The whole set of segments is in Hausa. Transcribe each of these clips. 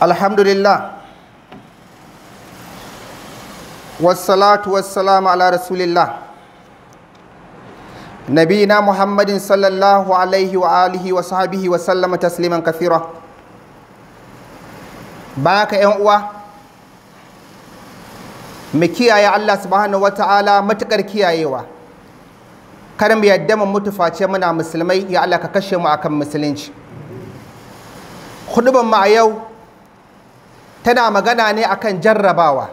alhamdulillah wassalatu wassalamu ala rasulillah Nabina muhammadin sallallahu alaihi wa alihi wa sahabihi wa sallama tasliman kathira baka yan uwa mu kiyaye Allah subhanahu wata'ala matukar kiyayewa kar mu yadda mu mutuface muna musulmai ya Allah ka kashe mu akan musulunci hudubar mu a yau tana magana ne akan jarrabawa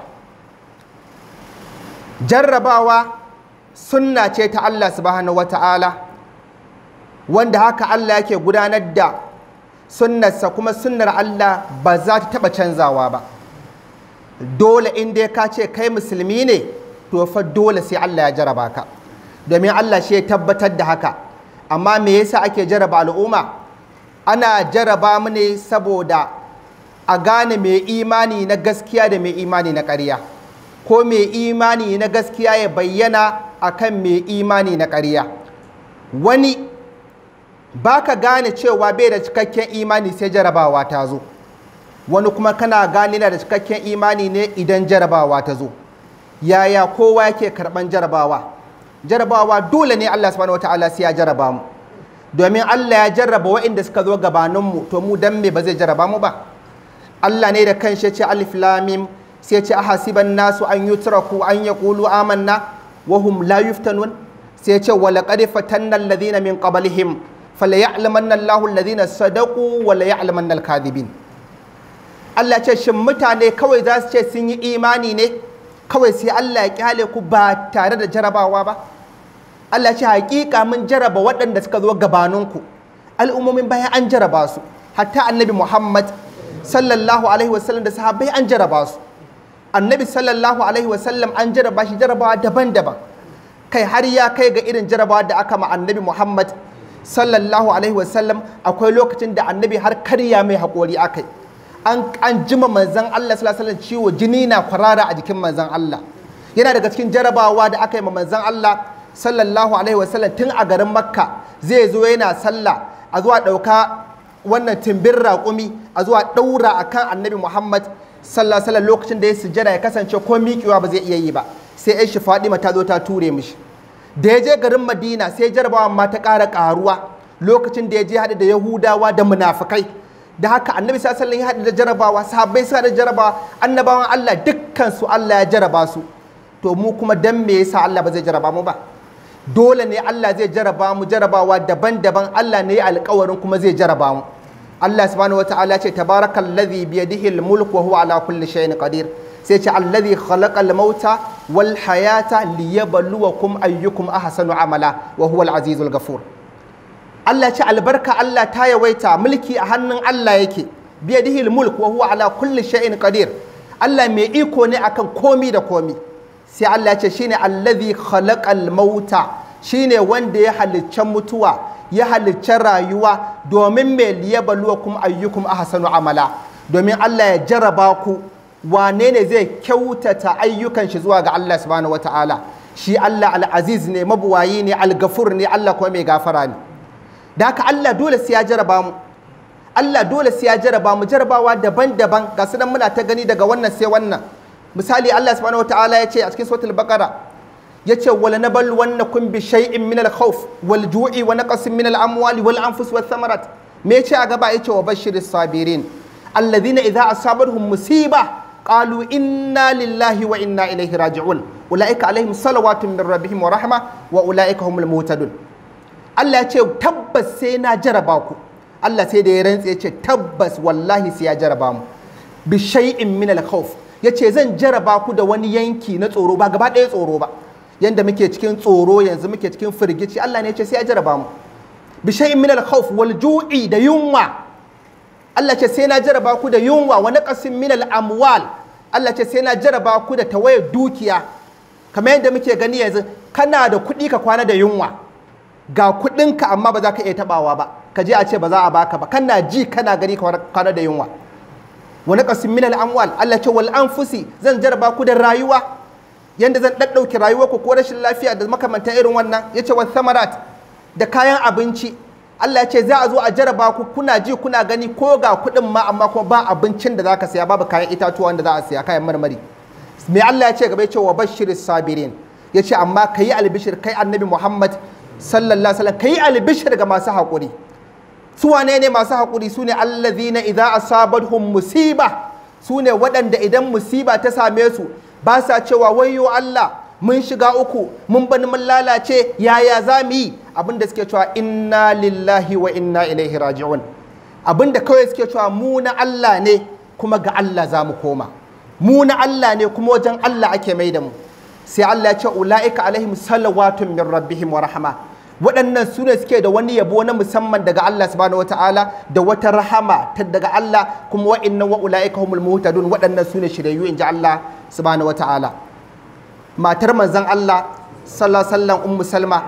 jarrabawa sunna ce ta Allah subhanahu wata'ala wanda haka Allah yake gudanar da sunnarsa kuma sunnar Allah ba za ta taɓa canzawa ba dole in dai ka ce kai musulmi ne to fa dole sai Allah ya jaraba ka domin Allah shi ya tabbatar da haka amma me yasa ake jaraba al'umma ana jaraba mu ne saboda a gane mai imani na gaskiya da mai imani na ƙarya ko mai imani na gaskiya ya bayyana akan mai imani na ƙarya wani ba ka gane cewa bai da cikakken imani sai jarabawa ta zo wani kuma kana gane da cikakken imani ne idan jarabawa ta zo yaya kowa yake karɓan jarabawa jarabawa dole ne Allah subhanahu wataala sai ya jaraba mu domin Allah ya jarraba waɗanda suka zo gabaninmu to mu dan me ba zai jaraba mu ba Allah ne da kanshi ce alif lamim sai ce ahasiban nasu an yutraku an yaqulu amanna wa hum la yuftanun sai ce wa laqad fatanna alladhina min qablihim falaya'lamanna Allahu alladhina sadaqu wa laya'lamanna al-kadhibin Allah ce shin mutane kawai za su ce sun yi imani ne kawai sai Allah ya kyale ku ba tare da jarabawa ba Allah ce hakika mun jaraba waɗanda suka zo gabaninku al'ummomin bayan an jaraba su hatta annabi Muhammad sallallahu alaihi wasallam da sahabbai an jaraba su annabi sallallahu alaihi wasallam an jaraba shi jarabawa daban-daban kai har ya kai ga irin jarabawa da aka ma annabi muhammad sallallahu alaihi wasallam akwai lokacin da annabi har karya mai haƙori akai an an jima manzon Allah sallallahu alaihi wasallam ciwo jini na kwarara a jikin manzon Allah yana daga cikin jarabawa da aka yi ma manzon Allah sallallahu alaihi wasallam tun a garin makka zai zo yana sallah a zuwa ɗauka wannan timbin raƙumi a zuwa ɗaura a kan annabi muhammad sallasala lokacin da ya sujjada ya kasance ko miƙewa ba zai iya yi ba sai ya shi fadima ta zo ta ture mishi da ya je garin madina sai jarabawa ma ta ƙara ƙaruwa lokacin da ya je haɗe da yahudawa da munafukai da haka annabi sallallahu ya haɗe da jarabawa sahabbai su haɗe da jarabawa annabawan allah dukkan su allah ya jaraba su to mu kuma dan me yasa allah ba zai jaraba mu ba dole ne Allah zai jaraba mu jarabawa daban-daban Allah ne alkawarin kuma zai jaraba mu Allah subhanahu wataala ce baraka biyadihi biyadihil wa huwa ala kulli shay'in qadir sai ce allazi khalaqal mauta wal hayata liyabluwakum ayyukum ahsanu amala wa huwa al-azizul ghafur Allah ce albarka Allah ta yawaita mulki a hannun Allah yake biyadihil mulk wa huwa ala kulli shay'in qadir Allah mai iko ne akan komi da komi sai Allah ce shine allazi khalaqal mauta shine wanda ya halicci mutuwa ya halicci rayuwa domin mai liyabluwakum ayyukum hasanu amala domin Allah ya jaraba ku wane ne zai kyautata ayyukan shi zuwa ga Allah subhanahu ta'ala shi Allah al-aziz ne mabuwayi ne al-gafur ne Allah kuma mai gafara ne da haka Allah dole sai ya jaraba mu Allah dole sai ya jaraba mu jarabawa daban-daban ga sunan muna ta gani daga wannan sai wannan misali Allah subhanahu ta'ala ya ce a cikin suratul baqara yace wala kun bi shay'in min al-khawf wal ju'i wa naqsin min al-amwali wal anfus wath thamarat me yace a gaba yace wa bashiris sabirin alladhina idza asabarhum musiba قالوا إنا لله وإنا إليه راجعون أولئك عليهم صلوات من ربهم ورحمة وأولئك هم المهتدون الله يce tabbas sai na jaraba ku Allah sai da ya rantse yace tabbas wallahi sai ya jaraba mu bi shay'in min al-khawf yace zan jaraba ku da wani yanki na tsoro ba gaba ɗaya tsoro ba yanda muke cikin tsoro yanzu muke cikin firgici Allah ne ya ce sai ya jaraba mu bishai min al wal ju'i da yunwa Allah ce sai na jaraba ku da yunwa wani qasim min al-amwal Allah ce sai na jaraba ku da tawayar dukiya kamar yadda muke gani yanzu kana da kuɗi ka kwana da yunwa ga kuɗinka amma ba za ka iya tabawa ba ka je a ce ba za a baka ba kana ji kana gani ka kwana da yunwa wani qasim min al-amwal Allah ce wal anfusi zan jaraba ku da rayuwa yanda zan ɗaɗɗauki rayuwarku ko rashin lafiya da makamantan irin wannan ya ce wani samarat da kayan abinci Allah ya ce za a zo a jaraba ku kuna ji kuna gani ko ga kuɗin ma amma kuma ba abincin da za ka saya babu kayan itatuwa wanda za a saya kayan marmari me Allah ya ce gaba ya ce wa bashir sabirin ya ce amma ka yi albishir kai annabi Muhammad sallallahu alaihi wasallam ka yi albishir ga masu haƙuri su wane ne masu haƙuri su ne allazina idza asabathum musiba su ne waɗanda idan musiba ta same su ba sa cewa wayo Allah mun shiga uku mun bani mun lalace yaya za mu yi da suke cewa inna lillahi wa inna ilaihi raji'un da kawai suke cewa mu na Allah ne kuma ga Allah za mu koma mu na Allah ne kuma wajen Allah ake mai da mu sai Allah ya ce ula'ika alaihim salawatun min rabbihim wa rahma waɗannan su ne suke da wani yabo na musamman daga Allah subhanahu wataala da wata rahama ta daga Allah kuma wa'innan wa ulaika humul muhtadun waɗannan su ne shiryayyu inji Allah subhanahu wataala matar manzon Allah sallallahu alaihi ummu salma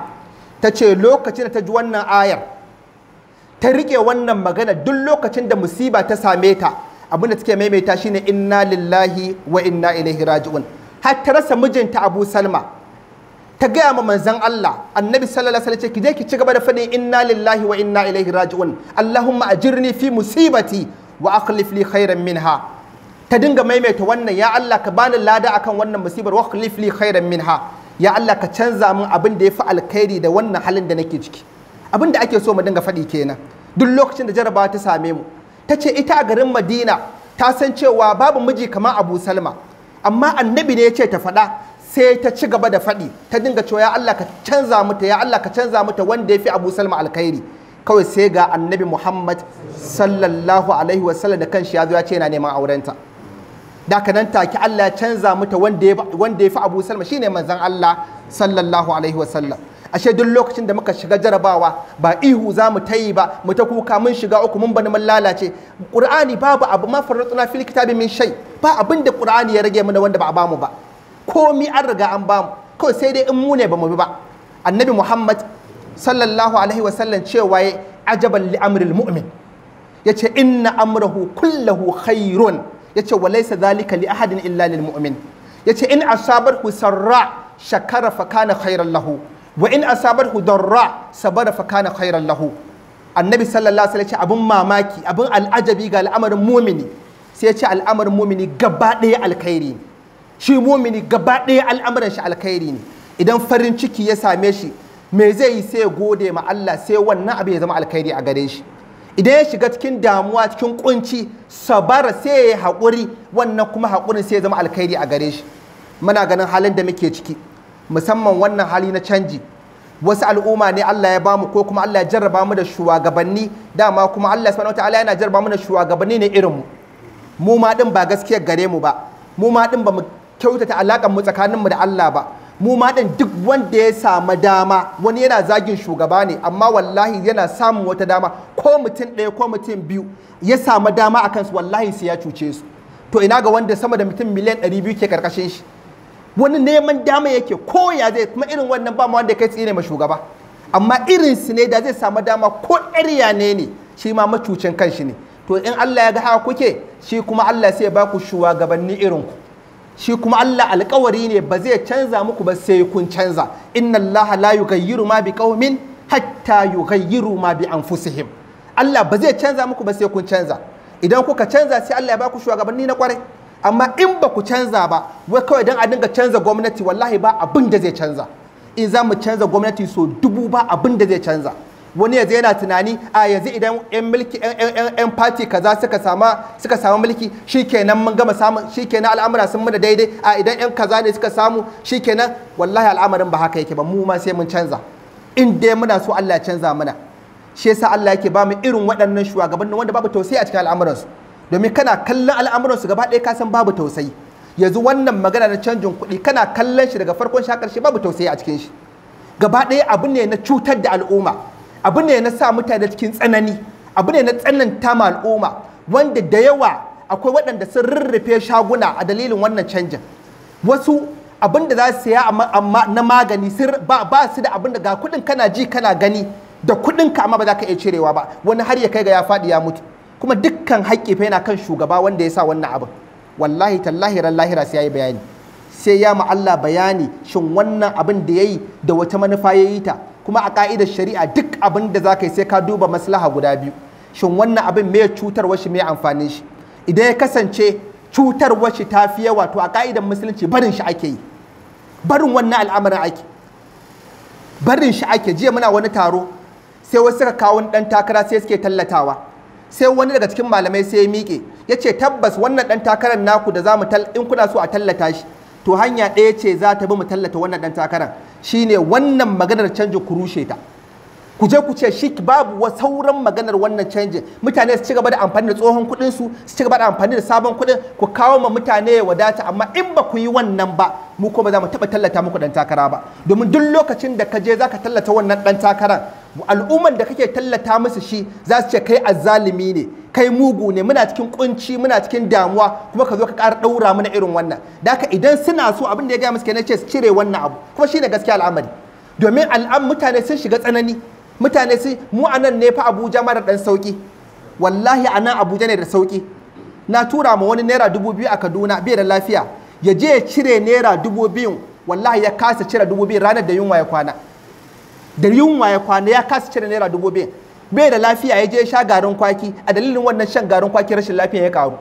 ta ce lokacin da ta ji wannan ayar ta rike wannan magana duk lokacin da musiba ta same ta abinda take maimaita shine inna lillahi wa inna ilaihi raji'un har ta rasa mijinta Abu Salma ta gaya ma manzan Allah annabi sallallahu alaihi wasallam ki je ki ci gaba da faɗin inna lillahi wa inna ilaihi raji'un allahumma ajirni fi musibati wa akhlif li khairan minha ta dinga maimaita wannan ya Allah ka bani lada akan wannan musibar wa akhlif li khairan minha ya Allah ka canza min abin da yafi alkhairi da wannan halin da nake ciki abin da ake so mu dinga faɗi kenan duk lokacin da jarabawa ta same mu ta ce ita a garin Madina ta san cewa babu miji kamar Abu Salma amma annabi ne ya ce ta faɗa sai ta ci gaba da faɗi ta dinga cewa ya Allah ka canza mata ya Allah ka canza mata wanda ya fi Abu Salma alkhairi kawai sai ga annabi Muhammad sallallahu alaihi wa sallam da kanshi ya zo ya ce yana neman aurenta da nan take Allah ya canza mata wanda ya fi Abu Salma shine manzon Allah sallallahu alaihi wa sallam. ashe duk lokacin da muka shiga jarabawa ba ihu za mu ta yi ba mu ta kuka mun shiga uku mun bani mun lalace qur'ani babu abu ma farratuna fil kitabi min shay ba abin da qur'ani ya rage mana wanda ba a mu ba komi an riga an ba mu kawai sai dai in mu ne ba mu bi ba annabi muhammad sallallahu alaihi sallam cewa ya ajaban li amril mu'min yace inna amrahu kullahu khairun yace wa laysa zalika li ahadin illa lil mu'min yace in asabarhu sarra shakara fa kana khairan lahu wa in asabarhu darra sabara fa kana khairan lahu annabi sallallahu alaihi ce abun mamaki abun al'ajabi ga al'amarin mumini sai ya ce al'amarin mumini gaba ɗaya alkhairi ne shi mumini gaba ɗaya al'amuran shi alkhairi ne idan farin ciki ya same shi me zai yi sai gode ma Allah sai wannan abu ya zama alkhairi a gare shi idan ya shiga cikin damuwa cikin kunci sabara sai ya haƙuri wannan kuma haƙurin sai ya zama alkhairi a gare shi muna ganin halin da muke ciki musamman wannan hali na canji wasu al'umma ne Allah ya bamu ko kuma Allah ya jarraba mu da shugabanni dama kuma Allah subhanahu wataala yana jarraba mu da shugabanni ne irin mu mu ma din ba gaskiyar gare mu ba mu ma din ba mu kyautata alaƙar mu tsakaninmu da Allah ba mu ma din duk wanda ya samu dama wani yana zagin shugaba ne amma wallahi yana samun wata dama ko mutum ɗaya ko mutum biyu ya samu dama akan su wallahi sai ya cuce su to ina ga wanda sama da mutum miliyan 200 ke karkashin shi wani neman dama yake ko ya zai kuma irin wannan ba mu wanda kai tsine ma shugaba amma irin su ne da zai samu dama ko ɗarya ne ne shi ma macucin kanshi ne to in Allah ya ga haka kuke shi kuma Allah sai ya ba ku shugabanni irin ku shi kuma Allah alkawari ne ba zai canza muku ba sai kun canza inna Allah la yughayyiru ma bi qaumin hatta yughayyiru ma bi anfusihim Allah ba zai canza muku ba sai kun canza idan kuka canza sai Allah ya baku shugabanni na kware amma in ba ku canza ba wai kawai dan a dinga canza gwamnati wallahi ba abin da zai canza in za mu canza gwamnati so dubu ba abin da zai canza wani yanzu yana tunani a yanzu idan yan mulki yan party kaza suka sama suka samu mulki shikenan mun gama samun shikenan al'amura sun muna daidai a idan yan kaza ne suka samu shikenan wallahi al'amarin ba haka yake ba mu ma sai mun canza in dai muna so Allah ya canza mana shi yasa Allah yake ba mu irin waɗannan shugabannin wanda babu tausayi a cikin al'amuransu domin kana kallon al'amuransu gaba ɗaya ka san babu tausayi yanzu wannan magana na canjin kuɗi kana kallon shi daga farkon shakar shi babu tausayi a cikin shi gaba ɗaya abu ne na cutar da al'umma abu ne na sa mutane cikin tsanani abu ne na tsananta ma al'umma wanda da yawa akwai waɗanda sun rurrufe shaguna a dalilin wannan canjin wasu abin da za su saya amma na magani ba su da abin da ga kuɗin kana ji kana gani da kuɗin ka amma ba za ka iya cirewa ba wani har ya kai ga ya faɗi ya mutu kuma dukkan haƙƙi fa yana kan shugaba wanda ya sa wannan abin wallahi tallahi ran lahira sai yayi bayani sai ya ma Allah bayani shin wannan abin da yayi da wata manufa yayi ta kuma a ka'idar shari'a duk abin da za ka yi sai ka duba maslaha guda biyu shin wannan abin mai cutarwa shi mai amfani shi idan ya kasance cutarwa shi ta fi yawa to a ka'idar musulunci barin shi ake yi barin wannan al'amarin ake barin shi ake jiya muna wani taro sai wasu suka kawo dan takara sai suke tallatawa sai wani daga cikin malamai sai ya miƙe ya ce tabbas wannan dan takarar naku da za mu in kuna so a tallata shi to hanya ɗaya ce za ta bi mu tallata wannan dan takarar shine wannan maganar canji ku rushe ta ku je ku ce shi babu wa sauran maganar wannan canji mutane su ci gaba da amfani da tsohon kuɗin su su ci gaba da amfani da sabon kuɗin ku kawo ma mutane ya wadata amma in ba ku yi wannan ba mu ko ba za mu taɓa tallata muku dan takara ba domin duk lokacin da ka je zaka tallata wannan ɗan takaran al'umman da kake tallata musu shi za su ce kai azzalimi ne kai mugu ne muna cikin kunci muna cikin damuwa kuma ka zo ka kara ɗaura mana irin wannan da idan suna so abin da ya gaya musu kenan ce su cire wannan abu kuma shine gaskiya al'amari domin al'am mutane sun shiga tsanani mutane sun mu anan ne fa Abuja mara dan sauki wallahi anan Abuja ne da sauki na tura ma wani naira dubu biyu a Kaduna bai da lafiya ya je ya cire naira dubu biyu wallahi ya kasa cire dubu biyu ranar da yunwa ya kwana da yunwa ya kwana ya kasa cire naira dubu biyu. bai da lafiya ya je sha garin kwaki a dalilin wannan shan garin kwaki rashin lafiya ya karu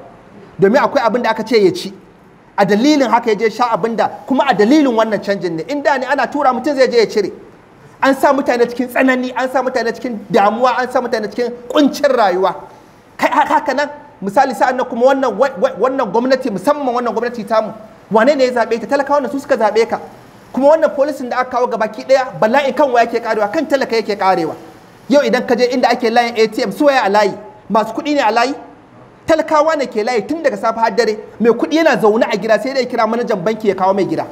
domin akwai abin da aka ce ya ci a dalilin haka ya je sha abin da kuma a dalilin wannan canjin ne inda ne ana tura mutum zai je ya cire an sa mutane cikin tsanani an sa mutane cikin damuwa an sa mutane cikin kuncin rayuwa kai haka nan misali sa'an nan kuma wannan wannan gwamnati musamman wannan gwamnati tamu wane ne ya zabe ta talakawa ne su suka zabe ka kuma wannan polisin da aka kawo gabaki daya bala'in kan waya yake karewa kan talaka yake karewa yau idan ka je inda ake layin atm su waya a layi masu kuɗi ne a layi talakawa ne ke layi tun daga safe har dare mai kuɗi yana zaune a gida sai dai kira manajan banki ya kawo mai gida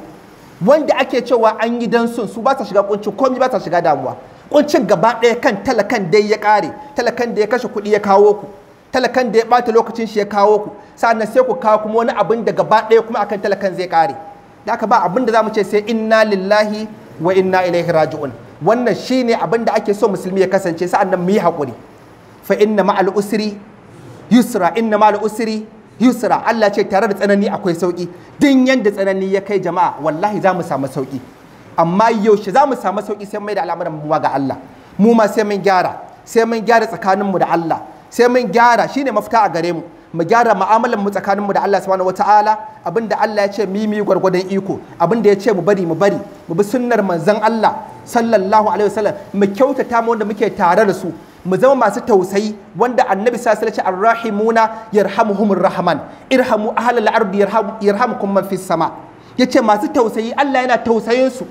wanda ake cewa an yi dan sun su ba sa shiga kuncin komai ba sa shiga damuwa kuncin gaba ɗaya kan talakan dai ya ƙare talakan da ya kashe kuɗi ya kawo ku talakan da ya ɓata lokacin shi ya kawo ku sannan sai ku kawo kuma wani abin da gaba ɗaya kuma akan talakan zai ƙare da aka ba abin da za mu ce sai inna lillahi wa inna ilaihi raji'un wannan shine abin da ake so musulmi ya kasance sa'an nan mu yi haƙuri fa inna ma'al usri yusra inna ma'al usri yusra Allah ce tare da tsanani akwai sauki din yanda tsanani ya kai jama'a wallahi za mu samu sauki amma yaushe za mu samu sauki sai mai da al'amuran mu ga Allah mu ma sai mun gyara sai mun gyara tsakaninmu da Allah sai mun gyara Shi ne mafita a gare mu mu gyara mu'amalar mu tsakanin mu da Allah subhanahu wataala abinda Allah ya ce mi mi gwargwadon iko abinda ya ce mu bari mu bari mu bi sunnar manzon Allah sallallahu alaihi wasallam mu kyautata mu wanda muke tare da su mu zama masu tausayi wanda annabi sa sallace arrahimuna yarhamuhumur rahman irhamu ahlal ardi yarhamukum man fis sama yace masu tausayi Allah yana tausayin su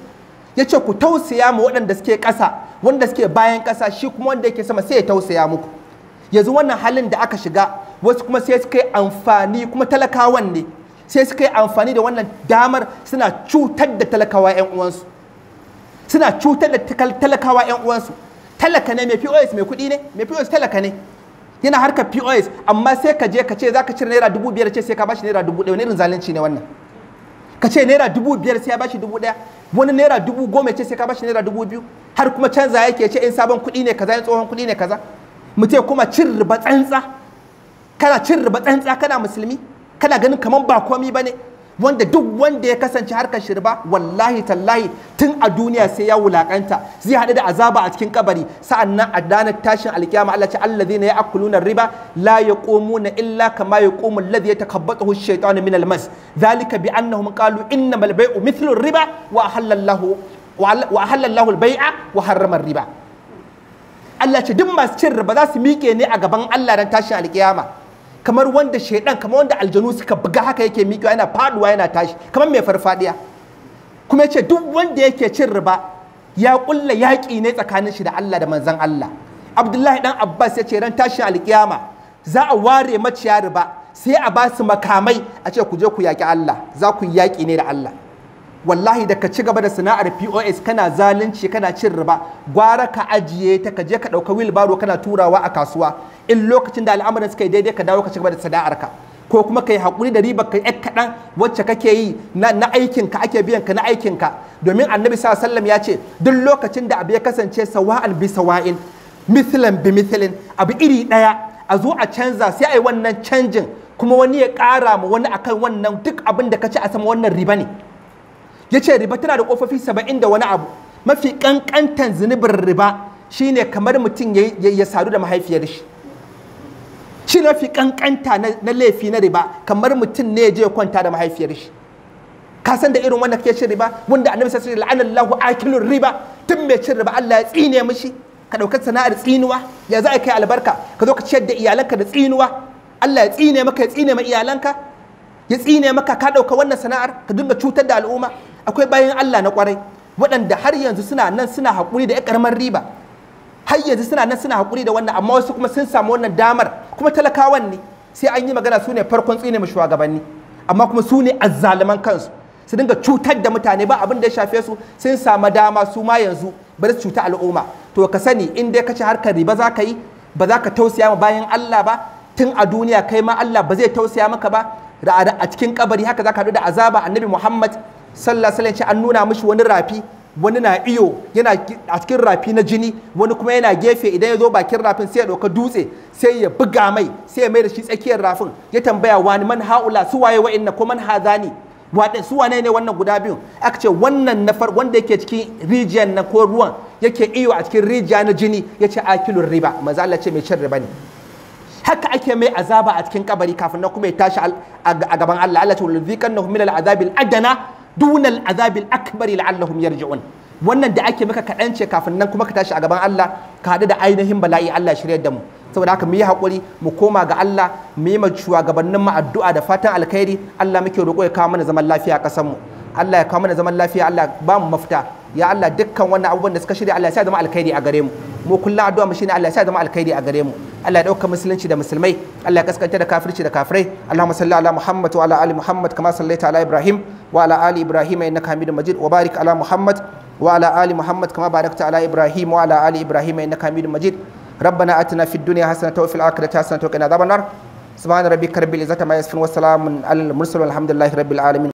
yace ku tausaya mu waɗanda suke ƙasa wanda suke bayan ƙasa shi kuma wanda yake sama sai ya tausaya muku yanzu wannan halin da aka shiga wasu kuma sai suka yi amfani kuma talakawan ne sai suka yi amfani da wannan damar suna cutar da talakawa 'yan uwansu suna cutar da talakawa 'yan uwansu talaka ne mai pos mai kuɗi ne mai pos talaka ne yana harka pos amma sai ka je ka ce za ka cire naira dubu biyar ce sai ka bashi naira dubu ɗaya wani irin zalunci ne wannan ka ce naira dubu biyar sai ya bashi dubu ɗaya wani naira dubu goma ce sai ka bashi naira dubu biyu har kuma canza yake ce in sabon kuɗi ne kaza in tsohon kuɗi ne kaza mu kuma cin riba tsantsa kana cin riba tsantsa kana musulmi kana ganin kamar ba komi ne wanda duk wanda ya kasance harkar shirba wallahi tallahi tun a duniya sai ya wulakanta zai haɗu da azaba a cikin kabari sa'annan a danar tashin alkiyama Allah ce allazina na riba la na illa kama yaqumu alladhi yatakabbathu ash-shaytanu min al-mas dhalika bi annahum qalu innamal baiu mithlu riba wa ahalla Allahu wa al wa harrama riba Allah ce duk masu cin riba za su miƙe ne a gaban Allah don tashin alƙiyama kamar wanda shaidan kamar wanda aljanu suka buga haka yake miƙewa yana faduwa yana tashi kamar mai farfadiya kuma yace ce duk wanda yake cin riba ya ƙulla yaƙi ne tsakanin shi da Allah da manzon Allah Abdullahi dan Abbas ya ce ran tashin alƙiyama za a ware maciya riba sai a ba su makamai a ce ku je ku yaƙi Allah za ku yaƙi ne da Allah wallahi da ka ci gaba da sana'ar POS kana zalunci kana cin riba gwara ka ajiye ta ka je ka ɗauka wilbaro kana turawa a kasuwa in lokacin da al'amuran suka yi daidai ka dawo ka ci gaba da sana'ar ka ko kuma ka yi haƙuri da ribar ka ƴar kaɗan wacce kake yi na, aikin ka ake biyan ka na aikin ka domin annabi sallam ya ce duk lokacin da abu ya kasance sawa'an bi sawa'in mithlan bi mithlin abu iri ɗaya a zo a canza sai a yi wannan canjin kuma wani ya ƙara ma wani akan wannan duk abin da ka ci a sama wannan riba ne ya ce riba tana da ƙofofi saba'in da wani abu mafi ƙanƙantan zunubin riba shine kamar mutum ya sadu da mahaifiyar shi shi mafi ƙanƙanta na laifi na riba kamar mutum ne ya je kwanta da mahaifiyar shi ka san da irin wanda ke cin riba wanda annabi sai sai wasallam la'anallahu akilur riba tun mai cin riba Allah ya tsine mishi ka ɗaukar sana'ar tsinuwa ya za a kai albarka ka zo ka ciyar da iyalanka da tsinuwa Allah ya tsine maka ya tsine ma iyalanka ya tsine maka ka ɗauka wannan sana'ar ka dinga cutar da al'umma akwai bayan Allah na kwarai waɗanda har yanzu suna nan suna haƙuri da ya ƙaramar riba har yanzu suna nan suna haƙuri da wannan amma wasu kuma sun samu wannan damar kuma talakawan ne sai an yi magana su ne farkon tsine mu shugabanni amma kuma su ne azzaluman kansu su dinga cutar da mutane ba abin da ya shafe su sun samu dama su ma yanzu bari su cuta al'umma to ka sani in dai ka ci harkar riba za ka yi ba za ka tausaya ma bayan Allah ba tun a duniya kai ma Allah ba zai tausaya maka ba a cikin kabari haka za ka haɗu da azaba annabi Muhammad sallallahu alaihi an nuna mishi wani rafi wani na iyo yana a cikin rafi na jini wani kuma yana gefe idan ya zo bakin rafin sai ya ɗauka dutse sai ya buga mai sai ya mai da shi tsakiyar rafin ya tambaya wani man haula su waye inna ko man hazani waɗe su wane ne wannan guda biyu aka ce wannan na far wanda yake cikin rijiya na ko ruwan yake iyo a cikin rijiya na jini yace ce akilun riba maza Allah ce mai cin riba ne haka ake mai azaba a cikin kabari kafin na kuma ya tashi a gaban Allah Allah ce wal zikannahu min al azabil adana dunal azabil akbari la'allahum yarji'un wannan da ake maka kaɗan ce kafin nan kuma ka tashi a gaban Allah ka haɗu da ainihin bala'i Allah shirya da mu saboda haka mu yi haƙuri mu koma ga Allah mu yi shugabannin mu addu'a da fatan alkhairi Allah muke roƙo ya kawo mana zaman lafiya a ƙasar mu Allah ya kawo mana zaman lafiya Allah ba mu mafita ya Allah dukkan wannan abubuwan da suka shirya Allah ya sa zama alkhairi a gare mu mu kullum addu'a mu shine Allah ya sa zama alkhairi a gare mu Allah ya dauka musulunci da musulmai Allah ya kaskanta da kafirci da kafirai Allahumma salli ala Muhammad wa ala ali Muhammad kama sallaita ala Ibrahim wa ala ali Ibrahim innaka Hamidum Majid wa barik ala Muhammad wa ala ali Muhammad kama barakta ala Ibrahim wa ala ali Ibrahim innaka Hamidum Majid ربنا آتنا في الدنيا حسنة وفي الآخرة حسنة وقنا عذاب النار سبحان ربك رب العزة ما يصفون وسلام على المرسلين الحمد لله رب العالمين